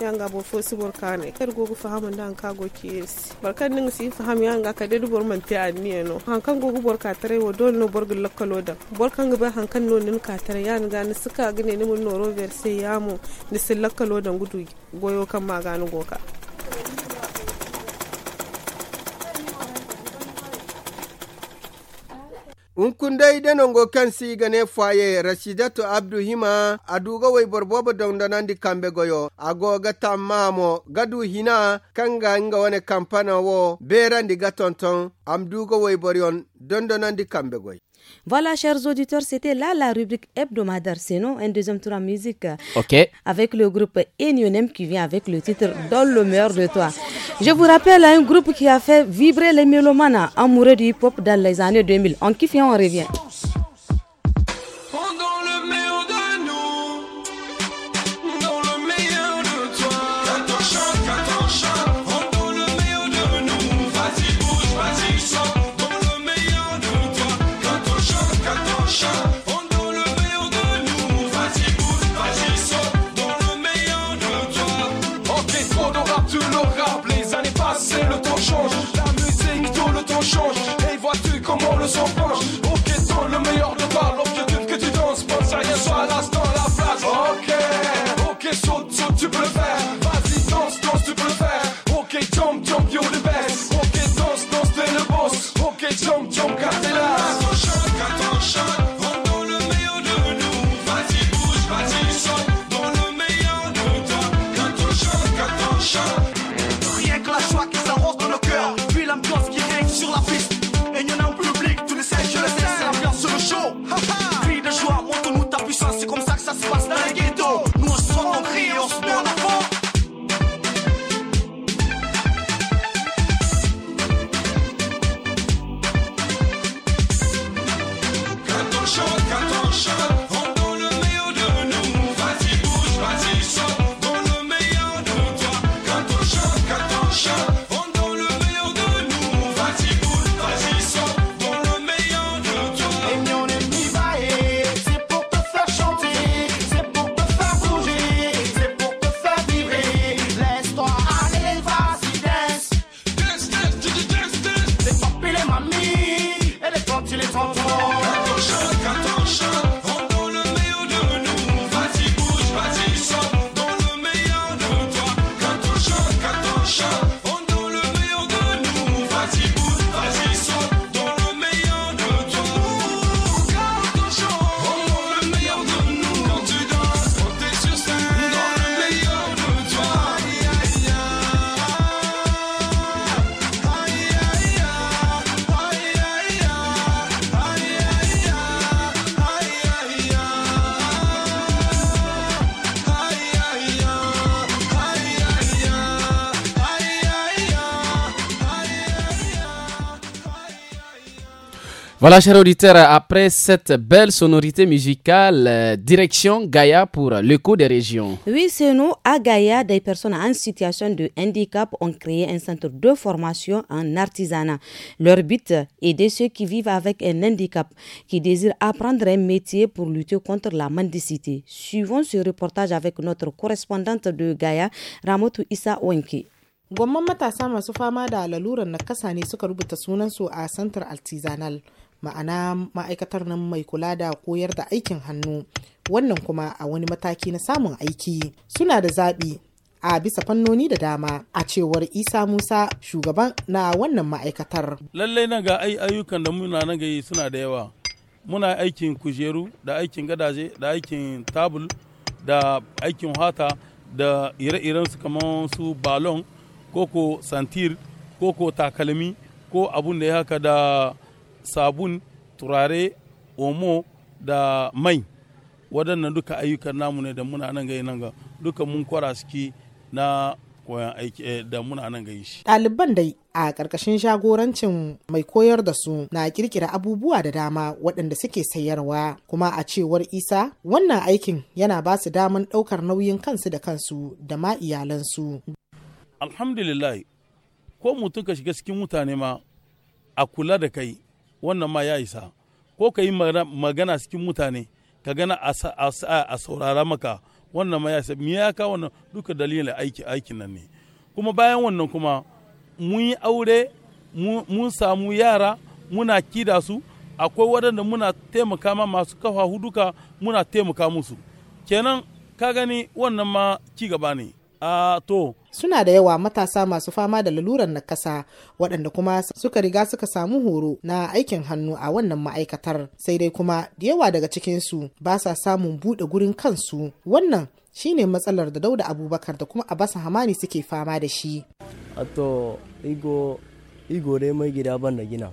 yanga bo fo subor kane ker gogo fahamu dan kago kiyes barkan ning si fahamu yanga ka dedu bor man te anniye no hankan gogo bor ka tare wo don no bor gul lakkalo da bor kan ba hankan no nin ka tare yan ga ni suka gine ni mun rover verse yamu ni sil lakkalo da gudu goyo kan ni goka unkundai denongo ken siigane faye rasidatu abdu hima aduga wey borbobo dondonandi kambe goyo agoga tammamo gadu hina kanga nga wane kampana wo berandi gatonton amdugo wey boryon dondonandi kambe goy Voilà, chers auditeurs, c'était là la rubrique hebdomadaire. Sinon, un deuxième tour en musique. Avec le groupe Enionem qui vient avec le titre Dans le meilleur de toi. Je vous rappelle un groupe qui a fait vibrer les mélomanes amoureux du hip-hop dans les années 2000. En kiffe on revient. Voilà, chers auditeurs, après cette belle sonorité musicale, euh, direction Gaïa pour l'écho des régions. Oui, c'est nous. À Gaïa, des personnes en situation de handicap ont créé un centre de formation en artisanat. Leur but, aider ceux qui vivent avec un handicap, qui désirent apprendre un métier pour lutter contre la mendicité. Suivons ce reportage avec notre correspondante de Gaïa, Ramotu Issa Oenke. matasa masu fama da lalurar ne suka rubuta sunansu a artisanal ma'ana ma'aikatar nan mai kula da koyar da aikin hannu wannan kuma a wani mataki na samun aiki suna da zaɓi a bisa fannoni da dama a cewar isa musa shugaban na wannan ma'aikatar lallai na ga ayyukan da muna nan gayi suna da yawa muna aikin kujeru da aikin gadaje da aikin tabul da aikin hata da ire-iren su kamar su balon koko santir koko takalmi ko abun da ya haka da sabun turare omo da mai waɗannan duka ayyukan namu ne da muna nan gai nan ga duka mun kwara suke na koyan aiki eh, da muna nan gai shi. Ɗaliban dai a ƙarƙashin shagorancin mai koyar da su na ƙirƙira abubuwa da dama waɗanda suke sayarwa kuma a cewar isa wannan aikin yana ba su daman ɗaukar nauyin kansu da kansu da ma iyalansu. Alhamdulillah ko mutum ka shiga cikin mutane ma a kula da kai wannan ma ya isa ko ka yi magana cikin mutane ka gana a saurara maka wannan ma ya isa miya ya kawo wannan duka dalilin aiki aikin nan ne kuma bayan wannan kuma mun yi aure mun samu yara muna kida su akwai waɗanda muna taimaka ma masu kafa huduka muna taimaka musu kenan ka gani wannan ma ci gaba ne Uh, to. Suna da yawa matasa masu fama da laluran na kasa waɗanda kuma suka riga suka samu horo na aikin hannu a wannan ma'aikatar sai dai kuma da yawa daga cikinsu ba sa samun buɗe gurin kansu wannan shine matsalar da dauda abubakar da kuma abasa hamani suke fama da shi. Ato igo igo dai mai gida ban da gina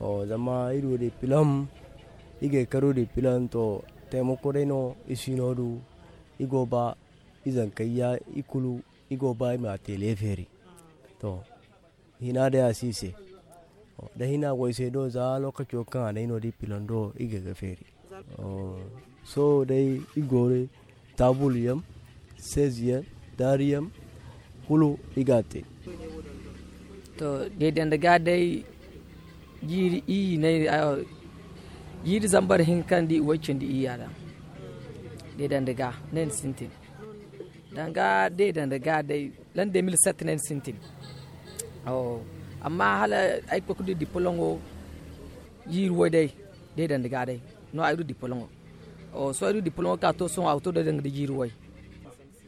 o zama ido da filan, karo da filan to taimako dai no igo ba izan izankaya ikulu igoba imatele feri to hina da ya sise da hina waise do za lokaci kan da ino di pilon do igege feri so dai igore tabul yam seziyam dariyam hulu igate to dai dan daga dai yiri iyi ne yiri zambar hinkan di wacin di iyada dai dan daga nan sintin danga dai da daga dai lan da mil satinen sintin oh amma hala ai ko kudi diplongo yirwo dai dai da daga dai no ai du diplongo oh so ai du diplongo ka to son auto da dan da yirwo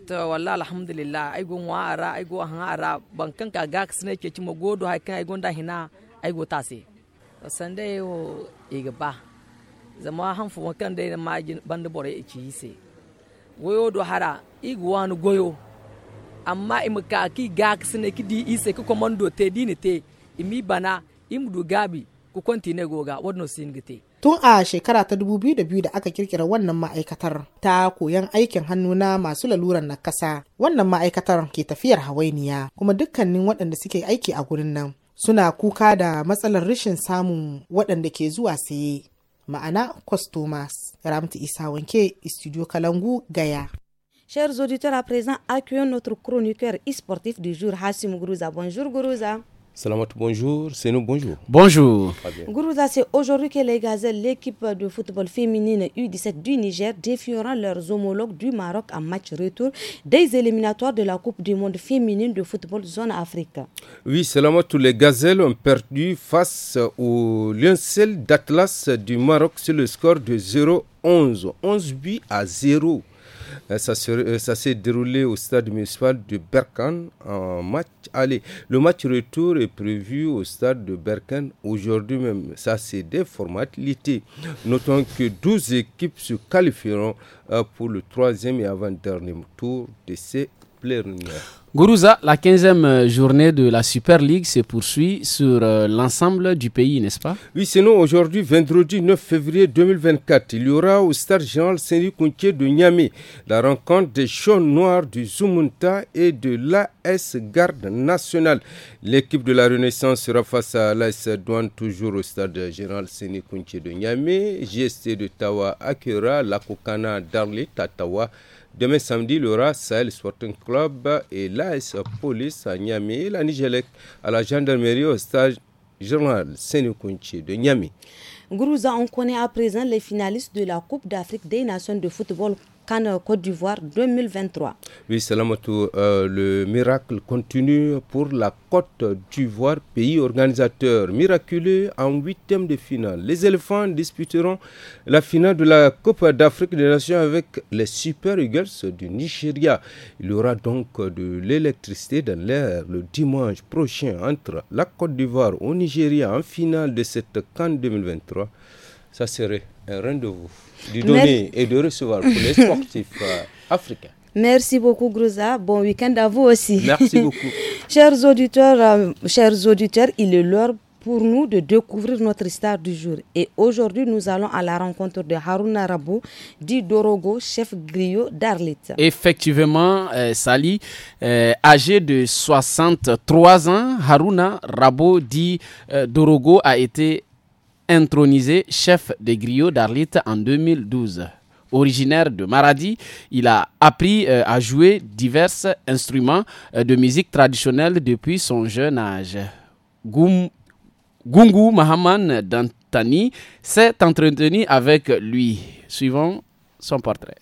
to walla alhamdulillah ai gon wa ara ai gon han ara bankan ka ga kasne ke cimo godo hai kan ai gon da hina ai go tase oh, sanda yo oh, iga ba zama han fu kan dai majin banda bore e ci yise woyo do hara igwanu goyo amma imuka ki ga gaksine ki di ise ki komando te dini te imi bana imudu gabi ku ne goga wadno gite tun a shekara ta 2002 da aka kirkira wannan ma'aikatar ta koyan aikin hannu na masu laluran na kasa wannan ma'aikatar ke tafiyar hawainiya kuma dukkanin waɗanda suke aiki a gurin nan suna kuka da matsalar rashin samun waɗanda ke zuwa saye ma'ana customers ramtu isa wanke studio kalangu gaya Chers auditeurs, à présent, accueillons notre chroniqueur e-sportif du jour, Hassim Gourouza. Bonjour Gourouza. Salamat, bonjour. C'est nous, bonjour. Bonjour. Gourouza, c'est aujourd'hui que les Gazelles, l'équipe de football féminine U17 du Niger, défieront leurs homologues du Maroc en match retour des éliminatoires de la Coupe du monde féminine de football zone Afrique. Oui, Salamat, tous les Gazelles ont perdu face au Lioncel d'Atlas du Maroc sur le score de 0-11. 11 buts à 0. Euh, euh, ça s'est déroulé au stade municipal de Berkane en match aller. Le match retour est prévu au stade de Berkane aujourd'hui même. Ça, c'est des l'été. Notons que 12 équipes se qualifieront euh, pour le troisième et avant-dernier tour de ces Gourouza, la 15e euh, journée de la Super League se poursuit sur euh, l'ensemble du pays, n'est-ce pas Oui, c'est nous. Aujourd'hui, vendredi 9 février 2024, il y aura au stade général Séni de Niamey la rencontre des Chauds Noirs du Zumunta et de l'AS Garde Nationale. L'équipe de la Renaissance sera face à l'AS Douane, toujours au stade général Séni de Niamey. GST de Tawa accueillera la Kokana d'Arlit Tatawa. Demain samedi, le RAS Sahel Sporting Club et l'AS Police à Niamey et la Nigelec à la gendarmerie au stage général de Niamey. Gourouza, on connaît à présent les finalistes de la Coupe d'Afrique des Nations de football Côte d'Ivoire 2023. Oui, Salamatou, euh, le miracle continue pour la Côte d'Ivoire, pays organisateur. Miraculeux en huitième de finale. Les éléphants disputeront la finale de la Coupe d'Afrique des Nations avec les Super Eagles du Nigeria. Il y aura donc de l'électricité dans l'air le dimanche prochain entre la Côte d'Ivoire au Nigeria en finale de cette Cannes 2023 ça serait un rendez-vous de donner et de recevoir pour les sportifs euh, africains. Merci beaucoup, Groza. Bon week-end à vous aussi. Merci beaucoup. chers, auditeurs, euh, chers auditeurs, il est l'heure pour nous de découvrir notre star du jour. Et aujourd'hui, nous allons à la rencontre de Haruna Rabo, dit Dorogo, chef griot d'Arlit. Effectivement, Sally, euh, Sali, âgé de 63 ans, Haruna Rabo, dit Dorogo, a été intronisé chef des griots d'Arlit en 2012. Originaire de Maradi, il a appris euh, à jouer divers instruments euh, de musique traditionnelle depuis son jeune âge. Gungu Mahaman Dantani s'est entretenu avec lui. Suivons son portrait.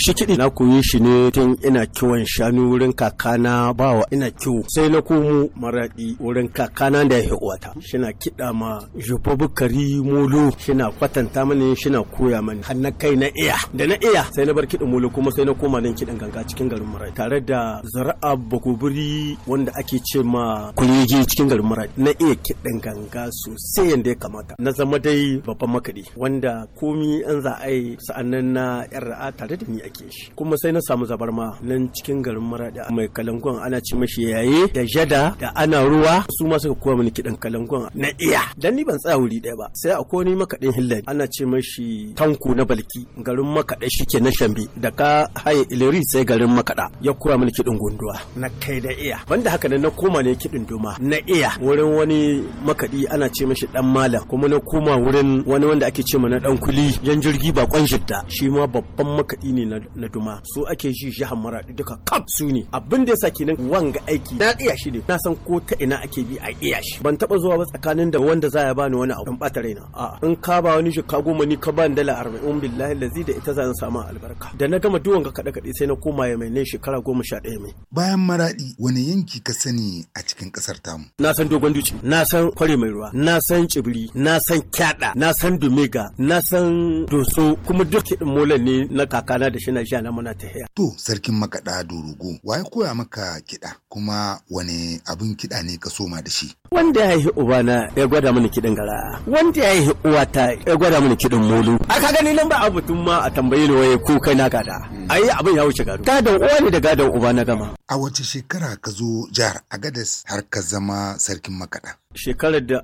shi kiɗi na koyi shi ne tun ina kiwon shanu wurin kakana bawa ina kiwo sai na komo maraɗi wurin kakana da ya uwata na kiɗa ma jufo bukari molo na kwatanta mani shina koya mani har na kai na iya da na iya sai na bar kiɗin molo kuma sai na koma nan kiɗin ganga cikin garin maraɗi tare da zara'a bakuburi wanda ake ce ma kurege cikin garin maraɗi na iya kiɗin ganga sosai yadda ya kamata na zama dai babban makaɗi wanda komi an za a yi sa'annan na yan ra'a tare da ni sake shi kuma sai na samu zabarma nan cikin garin maraɗi mai kalangon ana ci mashi yayi da jada da ana ruwa su ma suka koya mini kidan kalangon na iya dan ni ban tsaya wuri daya ba sai a ni makadin hillari ana ce mashi tanku na balki garin makada shike na shambe da ka haye iliri sai garin makada ya kura mini kidin gunduwa na kai da iya banda haka nan na koma ne kidin doma na iya wurin wani makadi ana ce mashi dan malam kuma na koma wurin wani wanda ake ce na dan kuli yan jirgi ba kwan shi ma babban makadi ne na na duma su ake ji jihar maradi duka kap su ne abin da ya yasa kenan wanga aiki na iya shi ne na san ko ta ina ake bi a iya shi ban taba zuwa ba tsakanin da wanda za ya bani wani abu in bata raina a in ka ba wani ka goma ni ka ni dala arba'in um billahi lazi da ita zan samu albarka da na gama duwan ga kada kaɗe sai na koma ya mai ne shekara goma sha daya mai bayan maradi wani yanki ka sani a cikin kasar tamu na san dogon duci na san kware mai ruwa na san cibiri na san kyada na san dumega na san doso kuma duk kiɗin molan ne na kakana da shi shina sha na muna tahiya. To sarkin makaɗa wa waye koya maka kiɗa kuma wani abin kiɗa ne ka soma da shi? wanda ya haihi ubana ya gwada mini kiɗin gara wanda ya haihi uwata ya gwada mini kiɗin molu a ka gani nan ba a ma a tambayi ni waye ko kai na gada ayi abin ya wuce gado gadon uwa ne da gadon uba na gama a wace shekara ka zo jihar agadas har ka zama sarkin makaɗa shekarar da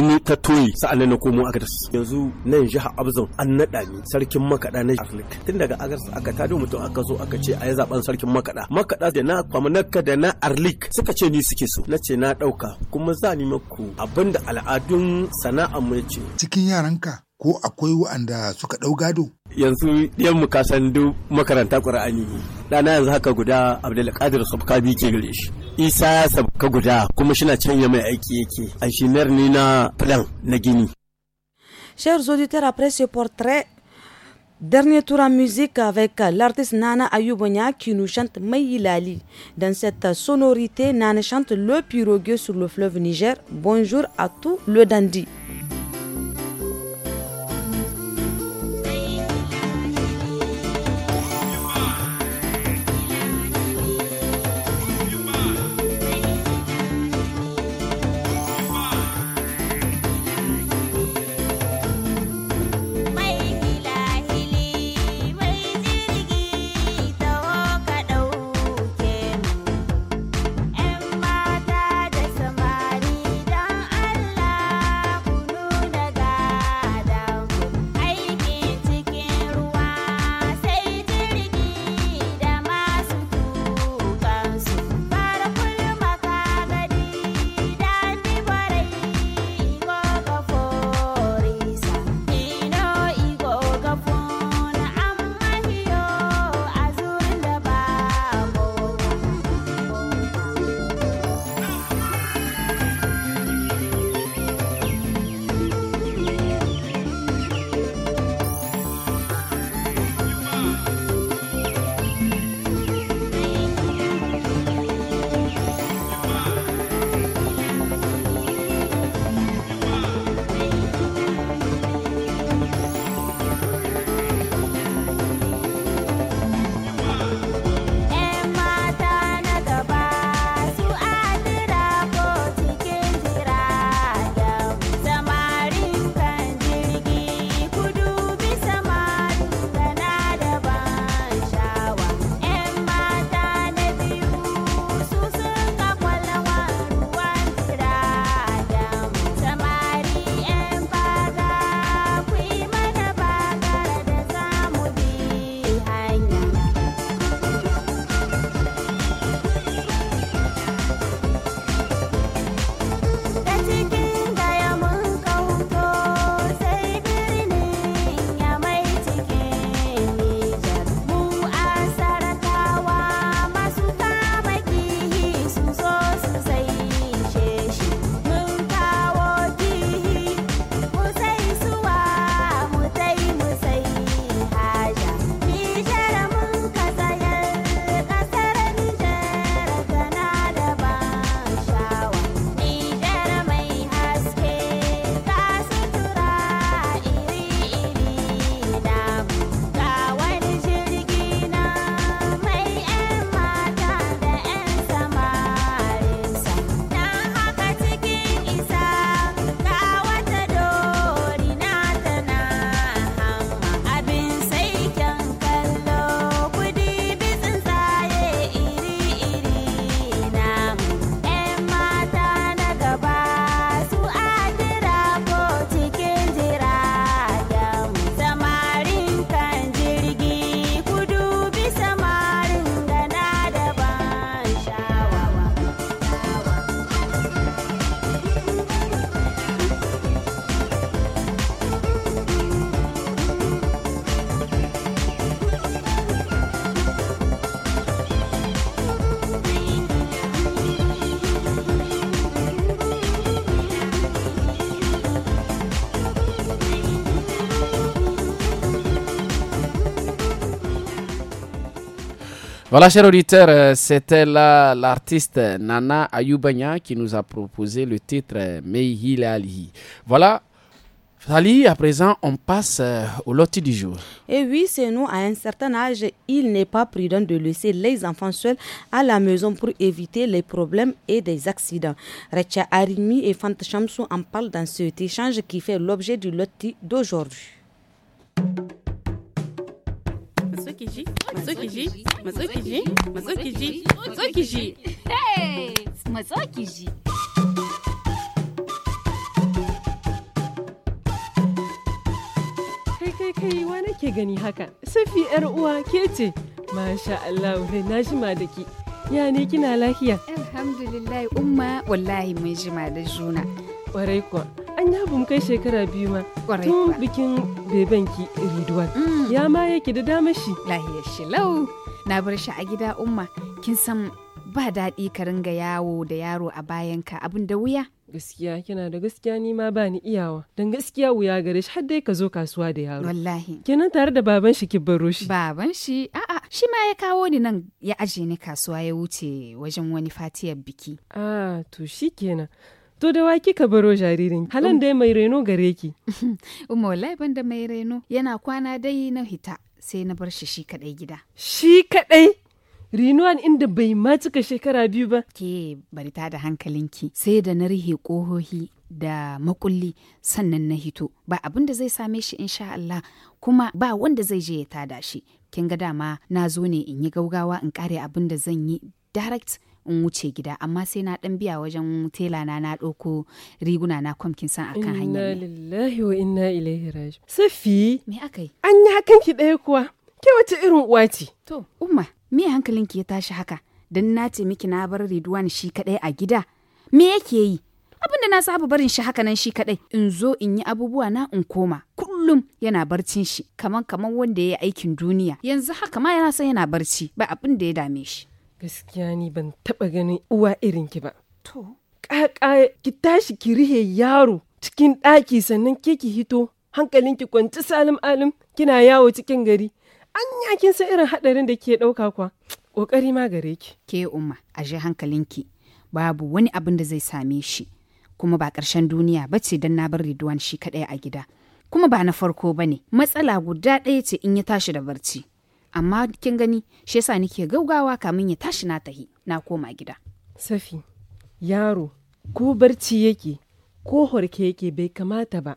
ni ta toyi sa'an na komo agadas yanzu nan jihar abzon an naɗa ni sarkin makaɗa na arlik tun daga agadas aka tado mutum aka zo aka ce a yi zaben sarkin makaɗa makaɗa da na kwamanaka da na arlik suka ce ni suke so na ce na ɗauka kuma kuma za ni maku da al'adun sana'a mu ce. Cikin yaranka ko akwai wa'anda suka ɗau gado? Yanzu ɗiyan mu kasan duk makaranta ƙur'ani. Ɗana yanzu haka guda Abdulkadir Sabkabi ke gare shi. Isa ya sabka guda kuma shina canya mai aiki yake. Ashinar ne na filan na gini. Chers auditeurs, après ce portrait Dernier tour en musique avec l'artiste Nana Ayubonya qui nous chante Mayilali. Dans cette sonorité, Nana chante le pirogue sur le fleuve Niger. Bonjour à tout le dandy. Voilà, chers auditeurs, euh, c'était l'artiste Nana Ayubanya qui nous a proposé le titre Meihil Ali. Voilà, Ali, à présent, on passe euh, au loti du jour. Et oui, c'est nous, à un certain âge, il n'est pas prudent de laisser les enfants seuls à la maison pour éviter les problèmes et des accidents. Recha Arimi et Fante Chamsou en parlent dans cet échange qui fait l'objet du loti d'aujourd'hui. matsukiji matsukiji matsukiji matsukiji hey matsukiji kai kai kai wa nake gani haka safi yar uwa ke ce masha Allah na shima da ki ya ne kina lafiya alhamdulillah umma wallahi mun jima da juna kwarai kuwa an ya bum kai shekara biyu ma tun bikin bebenki ridwan mm. ya ma yake da dama shi lahiyar shi lau na bar shi a gida umma kin san ba daɗi ka ringa yawo da yaro a bayanka abin da wuya gaskiya kina da gaskiya ni ma bani iyawa don gaskiya wuya gare shi har dai ka zo kasuwa da yaro wallahi kenan tare da baban shi ki baro shi baban shi a'a shi ma ya kawo ni nan ya aje ni kasuwa ya wuce wajen wani fatiyar biki a ah, to shikenan To da wa ka baro jaririn? Halan um. dai mai reno gare ki. Umma wallahi ban da mai reno yana kwana dai na hita sai na bar shi shi kadai gida. Shi kadai? Rinuwan inda bai ma cika shekara biyu ba. Ke bari ta da hankalinki sai da na rihe kohohi da makulli sannan na hito ba abin da zai same shi insha Allah kuma ba wanda zai je ya tada shi. Kin ga dama na zo ne in yi gaugawa in kare abin da zan yi direct in wuce gida amma sai na dan biya wajen tela na na ɗauko riguna na kwamkin san akan hanyar inna lillahi wa inna ilaihi raji safi me akai an yi hakan ki ɗaya kuwa ke wace irin uwa ce to umma me ki ya tashi haka dan na ce miki na bar riduwan shi kadai a gida me yake yi abin da na saba barin shi haka nan shi kadai in zo in yi abubuwa na in koma kullum yana barcin shi kaman kaman wanda ya yi aikin duniya yanzu haka ma yana son yana barci ba abin da ya dame shi Gaskiya ni ban taɓa ganin uwa irin ki ba. To. Ƙaƙa ki tashi ki rihe yaro cikin ɗaki sannan ke ki hito hankalin ki kwanci salim alim kina yawo cikin gari. Anya kin san irin haɗarin da ke ɗauka kwa. Ƙoƙari ma gare ki. Ke umma a je hankalinki babu wani abin da zai same shi. Kuma ba ƙarshen duniya ba ce don na bar riduwan shi kaɗai a gida. Kuma ba na farko ba ne matsala guda ɗaya ce in ya tashi da barci. amma kin gani shi yasa nake gaugawa kamin ya tashi na tahi na koma gida safi yaro ko barci yake ko horke yake bai kamata ba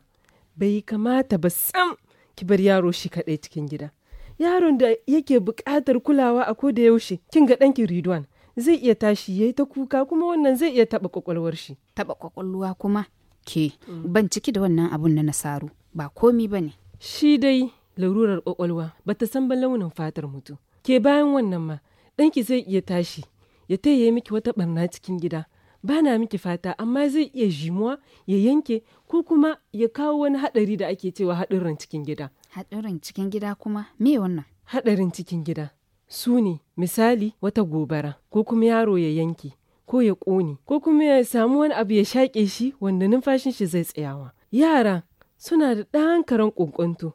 bai kamata ba sam ki bar yaro shi kaɗai cikin gida yaron da yake buƙatar kulawa a ko da yaushe kin ga ɗanki ridwan zai iya tashi yayi ta kuka kuma wannan zai iya taɓa kwakwalwar shi taɓa kwakwalwa kuma ke ban ciki da wannan abun na nasaru ba komi ba ne shi dai larurar kwakwalwa ba ta san ba launin fatar mutu. ke bayan wannan ma ɗanki zai iya tashi ya taya miki wata barna cikin gida ba na miki fata amma zai iya jimuwa ya yanke ko kuma ya kawo wani haɗari da ake cewa haɗarin cikin gida haɗarin cikin gida kuma me wannan haɗarin cikin gida su ne misali wata gobara ko kuma yaro ya yanke ko ya ƙone ko kuma ya samu wani abu ya shaƙe shi wanda numfashin shi zai tsayawa yara suna da ɗan karen ƙunƙunto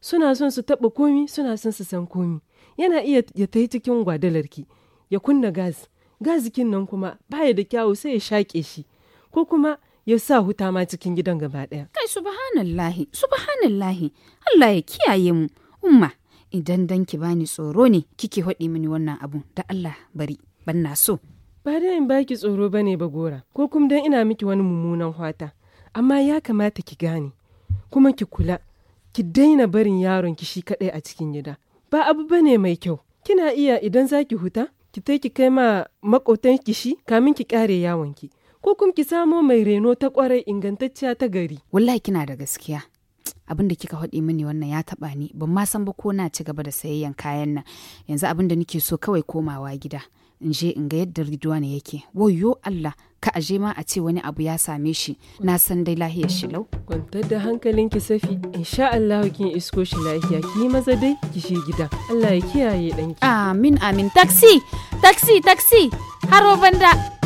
suna son su taɓa komi suna son su san komi yana iya ya ta cikin gwadalarki ya kunna gas gazikin nan kuma baya da kyawu sai ya shaƙe shi ko kuma ya sa huta ma cikin gidan gaba ɗaya. kai subhanallahi subhanallahi allah ya kiyaye mu umma idan danki ki bani tsoro ne kike haɗi mini wannan abu da allah bari ban na so. ba da in baki tsoro bane ba gora ko kuma dan ina miki wani mummunan hwata amma ya kamata ki gane kuma ki kula ki daina barin yaron ki shi kaɗai a cikin gida. Ba abu bane mai kyau. Kina iya idan za ki huta, ki ta ki kai ma makotan ki shi kamin ki kare yawon ki. Ko kuma ki samo mai reno ta kwarai ingantacciya ta gari. Wallahi kina da gaskiya. abin da kika haɗi mini wannan ya taɓa ni ban ma san ba ko na ci gaba da sayayyan kayan nan yanzu abin da nake so kawai komawa gida in je in ga yadda ne yake wayo allah ka aje ma a ce wani abu ya same shi na san dai lahiyar shi lau kwantar da hankalinki safi insha allah kin isko shi lahiya ki maza dai ki shi gida allah ya kiyaye danki amin amin taxi taxi taxi haro banda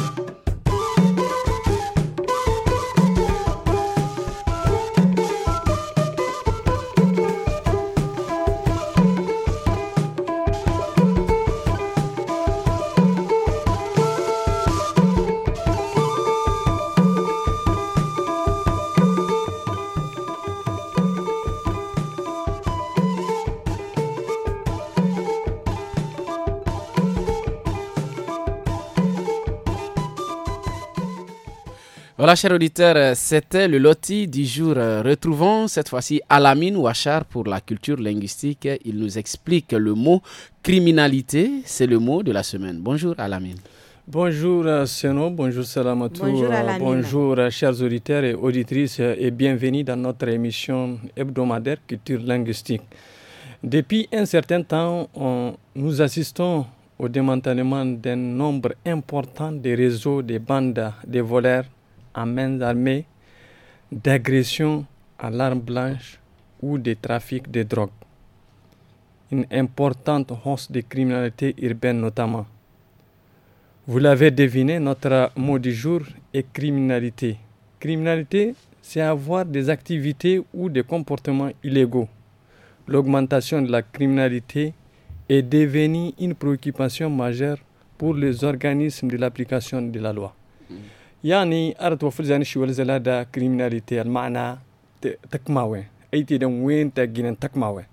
Voilà, chers auditeurs, euh, c'était le loti du jour. Euh, retrouvons cette fois-ci Alamine Ouachar pour la culture linguistique. Il nous explique le mot criminalité. C'est le mot de la semaine. Bonjour, Alamine. Bonjour euh, Seno, bonjour Salamatou, bonjour, bonjour, chers auditeurs et auditrices et bienvenue dans notre émission hebdomadaire culture linguistique. Depuis un certain temps, nous assistons au démantèlement d'un nombre important de réseaux de bandes de voleurs à main armée d'agressions à l'arme blanche ou des trafic de drogue. Une importante hausse de criminalité urbaine notamment. Vous l'avez deviné, notre mot du jour est criminalité. Criminalité, c'est avoir des activités ou des comportements illégaux. L'augmentation de la criminalité est devenue une préoccupation majeure pour les organismes de l'application de la loi. Mmh. يعني أرد زاني شو زلادة كريمناليتي المعنى تكماوي أي تي دم وين تاجين تكماوي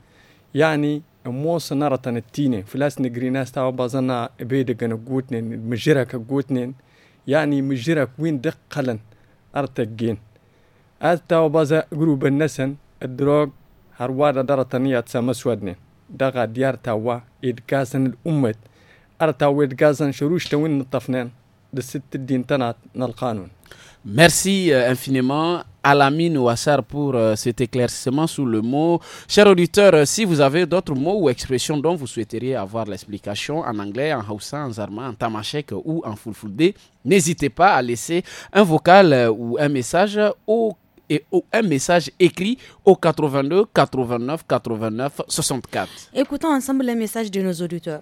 يعني مو سنارة تنتينة فلاس ناس تاو بازنا بيدا جن جوتنين مجرك جوتنين يعني مجرك وين دقلن دقلا أرتجين تاو بازا جروب النسن الدروغ هروادة دارة درتنية تسامسودنين دغا ديار تاوا إدكاسن الأمة أرتاو إدكاسن شروش توين نطفنين de cette dintana dans le canon. Merci euh, infiniment à Alamine Ouassar pour euh, cet éclaircissement sur le mot. Chers auditeurs, euh, si vous avez d'autres mots ou expressions dont vous souhaiteriez avoir l'explication en anglais, en haussa, en zarma, en tamashek ou en fulfulde, n'hésitez pas à laisser un vocal ou un message au un message écrit au 82 89 89 64. Écoutons ensemble les messages de nos auditeurs.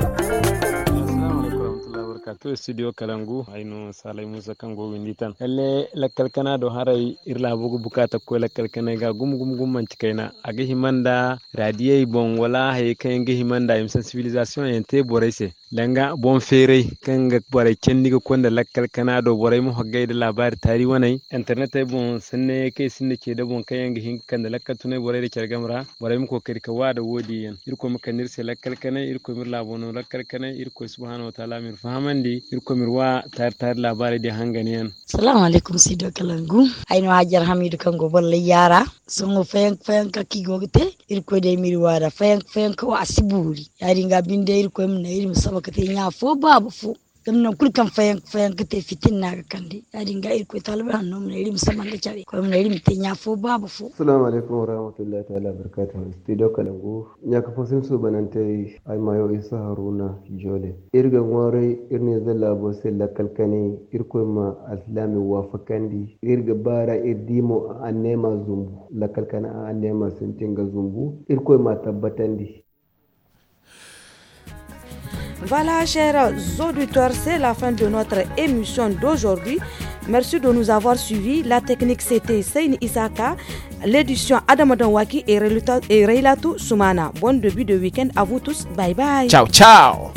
barakatu studio kalangu aino salai musa kango windi tan lalle lakal kana do haray irla bugu bukata ko lakal kana ga gum gum gum manci cikaina age himanda radiyai bon wala hay e kan ga himanda im sensibilisation en te borese langa bon fere kan ga borai ko konda lakal kana do bore mu haggai da labari tari wanai internet e bon sanne ke sinne ke de bon kayan ga hinkan da lakkal tunai borai da kergamra bore mu ko kirka wada wodi yan irko mu kanirse lakkal kana irko mirla bonu lakal kana irko subhanahu wa ta'ala mir fahaman gondi irko mirwa tar tar labari de hangane yan assalamu alaikum sido kalangu ayno hajar hamidu kango bolle yara songo fayan fayan ka ki gogte irko de mirwara fayan fayan ko asiburi yari nga binde irko mna iri musabaka te nya fo babu fo gamnan kulkan fayan fayan kate fitin na ga kandi adin ga irko talaba hannu mun iri musamman da kyare ko mun iri mutin ya fo babu fo assalamu alaikum wa rahmatullahi ta'ala wa barakatuh barakatuhu studio kalangu ya ka fo sun so banante ai mayo isa haruna jole irga ngore irne zalla bo sai la kalkane irko ma aslami wa fakandi irga bara edimo anema zumbu la kalkana anema sintinga zumbu irko ma tabbatandi Voilà, chers auditeurs, c'est la fin de notre émission d'aujourd'hui. Merci de nous avoir suivis. La technique, c'était Seine Isaka. L'édition Adam Donwaki et Reilatu Sumana. Bon début de week-end à vous tous. Bye bye. Ciao, ciao.